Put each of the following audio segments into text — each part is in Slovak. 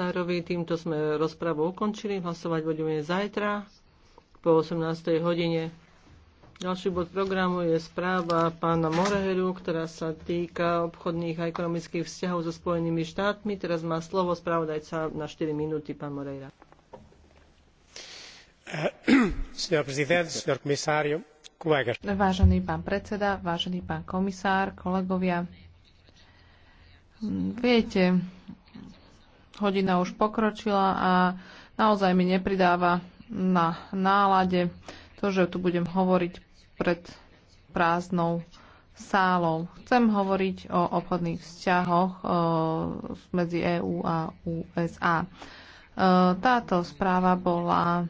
Starovi. Týmto sme rozpravu ukončili. Hlasovať budeme zajtra po 18. hodine. Ďalší bod programu je správa pána Moreheru, ktorá sa týka obchodných a ekonomických vzťahov so Spojenými štátmi. Teraz má slovo správodajca na 4 minúty, pán Moreira. Vážený pán predseda, vážený pán komisár, kolegovia, viete, hodina už pokročila a naozaj mi nepridáva na nálade to, že tu budem hovoriť pred prázdnou sálou. Chcem hovoriť o obchodných vzťahoch e, medzi EÚ a USA. E, táto správa bola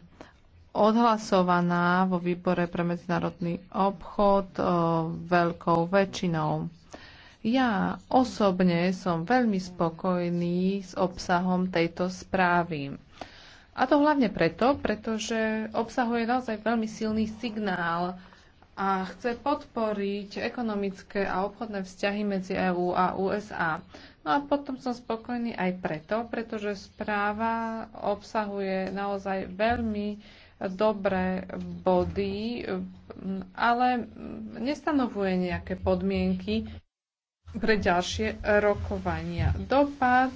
odhlasovaná vo výbore pre medzinárodný obchod e, veľkou väčšinou. Ja osobne som veľmi spokojný s obsahom tejto správy. A to hlavne preto, pretože obsahuje naozaj veľmi silný signál a chce podporiť ekonomické a obchodné vzťahy medzi EÚ a USA. No a potom som spokojný aj preto, pretože správa obsahuje naozaj veľmi dobré body, ale nestanovuje nejaké podmienky pre ďalšie rokovania. Dopad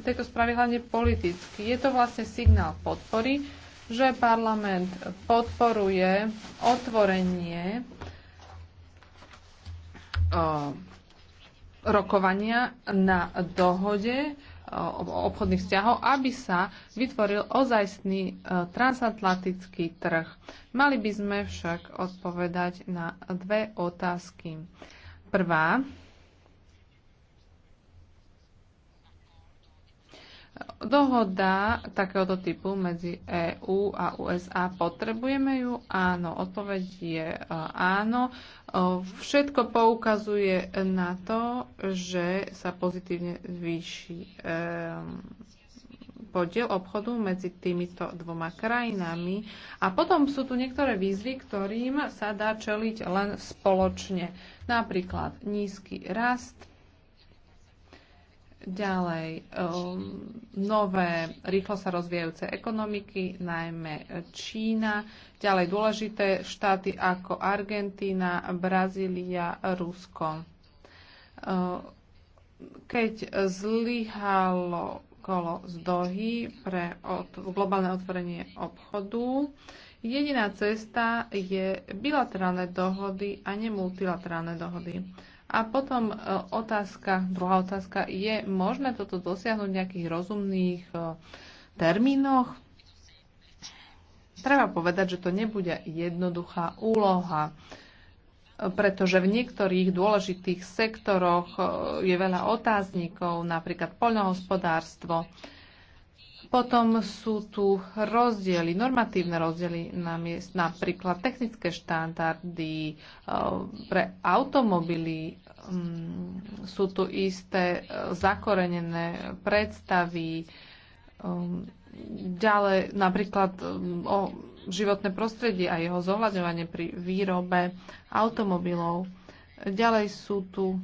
tejto správy hlavne politicky. Je to vlastne signál podpory, že parlament podporuje otvorenie o, rokovania na dohode o, obchodných vzťahov, aby sa vytvoril ozajstný e, transatlantický trh. Mali by sme však odpovedať na dve otázky. Prvá, Dohoda takéhoto typu medzi EÚ a USA potrebujeme ju? Áno. Odpoveď je e, áno. E, všetko poukazuje na to, že sa pozitívne zvýši e, podiel obchodu medzi týmito dvoma krajinami. A potom sú tu niektoré výzvy, ktorým sa dá čeliť len spoločne. Napríklad nízky rast, Ďalej, um, nové, rýchlo sa rozvíjajúce ekonomiky, najmä Čína. Ďalej dôležité štáty ako Argentína, Brazília, Rusko. Uh, keď zlyhalo kolo z Dohy pre od, globálne otvorenie obchodu, jediná cesta je bilaterálne dohody a nemultilaterálne dohody. A potom e, otázka, druhá otázka, je možné toto dosiahnuť v nejakých rozumných e, termínoch? Treba povedať, že to nebude jednoduchá úloha, e, pretože v niektorých dôležitých sektoroch je veľa otáznikov, napríklad poľnohospodárstvo. Potom sú tu rozdiely, normatívne rozdiely, na miest, napríklad technické štandardy eh, pre automobily, mm, sú tu isté eh, zakorenené predstavy, eh, ďalej napríklad o životné prostredie a jeho zohľadňovanie pri výrobe automobilov. Ďalej sú tu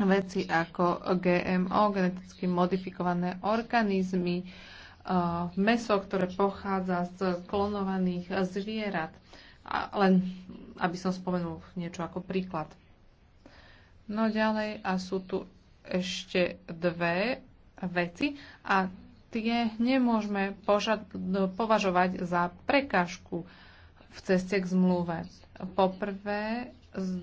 veci ako GMO, geneticky modifikované organizmy, e, meso, ktoré pochádza z klonovaných zvierat. A len aby som spomenul niečo ako príklad. No ďalej a sú tu ešte dve veci a tie nemôžeme považovať za prekážku v ceste k zmluve. Poprvé,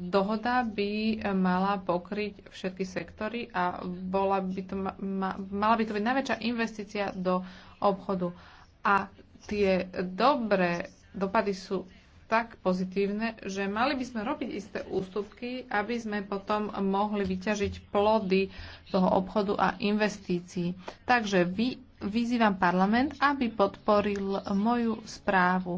Dohoda by mala pokryť všetky sektory a bola by to, ma, mala by to byť najväčšia investícia do obchodu. A tie dobré dopady sú tak pozitívne, že mali by sme robiť isté ústupky, aby sme potom mohli vyťažiť plody toho obchodu a investícií. Takže vy, vyzývam parlament, aby podporil moju správu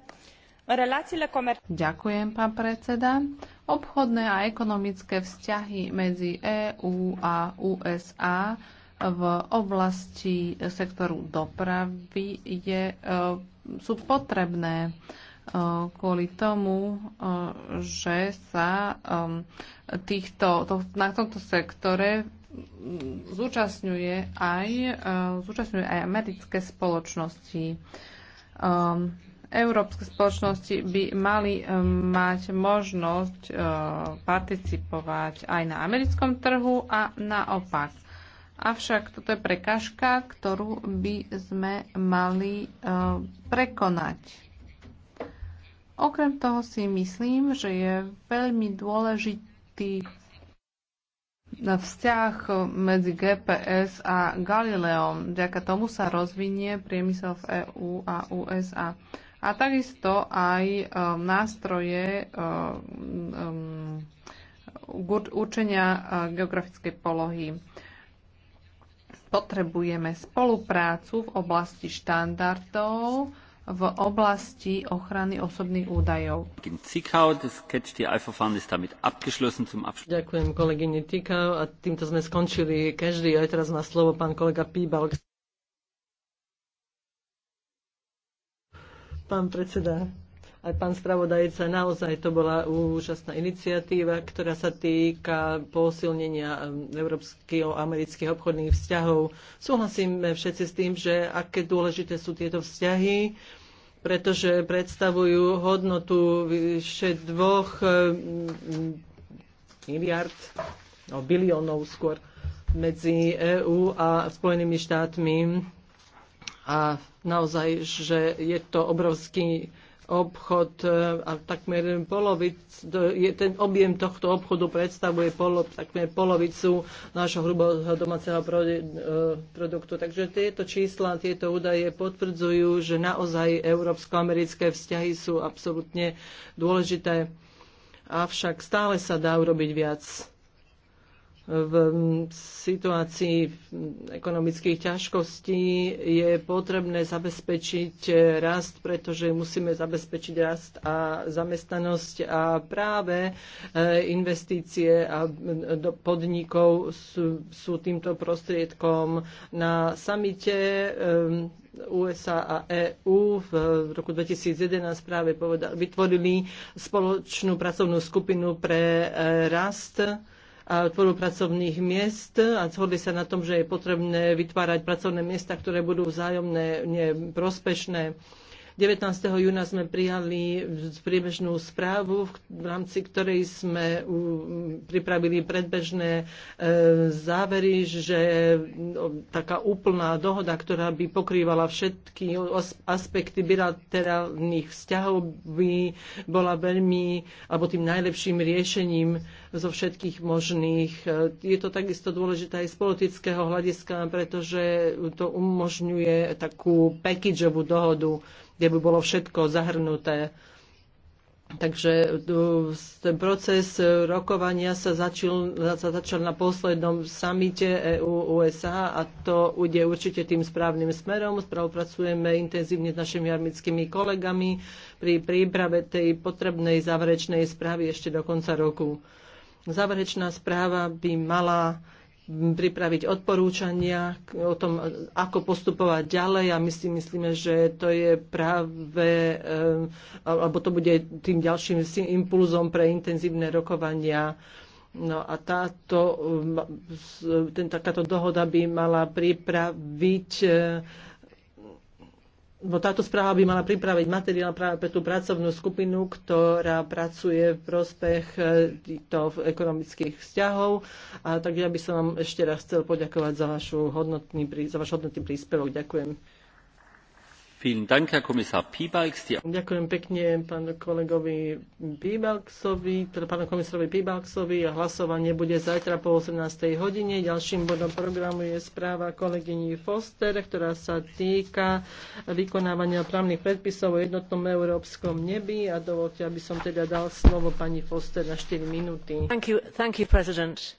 Ďakujem, pán predseda. Obchodné a ekonomické vzťahy medzi EÚ a USA v oblasti sektoru dopravy je, e, sú potrebné e, kvôli tomu, e, že sa týchto, to, na tomto sektore zúčastňuje aj, zúčastňuje aj americké spoločnosti. Európske spoločnosti by mali eh, mať možnosť eh, participovať aj na americkom trhu a naopak. Avšak toto je prekažka, ktorú by sme mali eh, prekonať. Okrem toho si myslím, že je veľmi dôležitý vzťah medzi GPS a Galileom. Vďaka tomu sa rozvinie priemysel v EÚ a USA a takisto aj e, nástroje e, e, určenia geografickej polohy. Potrebujeme spoluprácu v oblasti štandardov, v oblasti ochrany osobných údajov. Ďakujem kolegyne Tikau a týmto sme skončili každý. Aj teraz má slovo pán kolega Píbal. pán predseda, aj pán spravodajca, naozaj to bola úžasná iniciatíva, ktorá sa týka posilnenia um, európskych a amerických obchodných vzťahov. Súhlasíme všetci s tým, že aké dôležité sú tieto vzťahy, pretože predstavujú hodnotu vyše dvoch um, miliard, no biliónov skôr, medzi EÚ a Spojenými štátmi a naozaj, že je to obrovský obchod e, a takmer polovic, je, ten objem tohto obchodu predstavuje polo, takmer polovicu nášho hrubého domáceho e, produktu. Takže tieto čísla, tieto údaje potvrdzujú, že naozaj európsko-americké vzťahy sú absolútne dôležité. Avšak stále sa dá urobiť viac v situácii ekonomických ťažkostí je potrebné zabezpečiť rast, pretože musíme zabezpečiť rast a zamestnanosť a práve e, investície a do podnikov sú, sú týmto prostriedkom. Na samite USA a EÚ v roku 2011 práve povedal, vytvorili spoločnú pracovnú skupinu pre e, rast a tvorbu pracovných miest a zhodli sa na tom, že je potrebné vytvárať pracovné miesta, ktoré budú vzájomné prospešné. 19. júna sme prijali priebežnú správu, v rámci ktorej sme pripravili predbežné e, závery, že no, taká úplná dohoda, ktorá by pokrývala všetky aspekty bilaterálnych vzťahov, by bola veľmi, alebo tým najlepším riešením zo všetkých možných. E, je to takisto dôležité aj z politického hľadiska, pretože to umožňuje takú packageovú dohodu, kde by bolo všetko zahrnuté. Takže e, ten proces rokovania sa začal, sa začal na poslednom samite EU-USA a to ide určite tým správnym smerom. Spravopracujeme intenzívne s našimi armickými kolegami pri príprave tej potrebnej záverečnej správy ešte do konca roku. Záverečná správa by mala pripraviť odporúčania o tom, ako postupovať ďalej a my si myslíme, že to je práve, eh, alebo to bude tým ďalším impulzom pre intenzívne rokovania. No a táto, eh, ten, takáto dohoda by mala pripraviť eh, bo táto správa by mala pripraviť materiál práve pre tú pracovnú skupinu, ktorá pracuje v prospech e, týchto ekonomických vzťahov. A takže ja by som vám ešte raz chcel poďakovať za, vašu hodnotný, za váš hodnotný príspevok. Ďakujem. Ďakujem pekne pánu kolegovi Pibalksovi, teda pánu komisárovi Pibalksovi a hlasovanie bude zajtra po 18. hodine. Ďalším bodom programu je správa kolegyni Foster, ktorá sa týka vykonávania právnych predpisov o jednotnom európskom nebi a dovolte, aby som teda dal slovo pani Foster na 4 minúty. Thank you, thank you, president.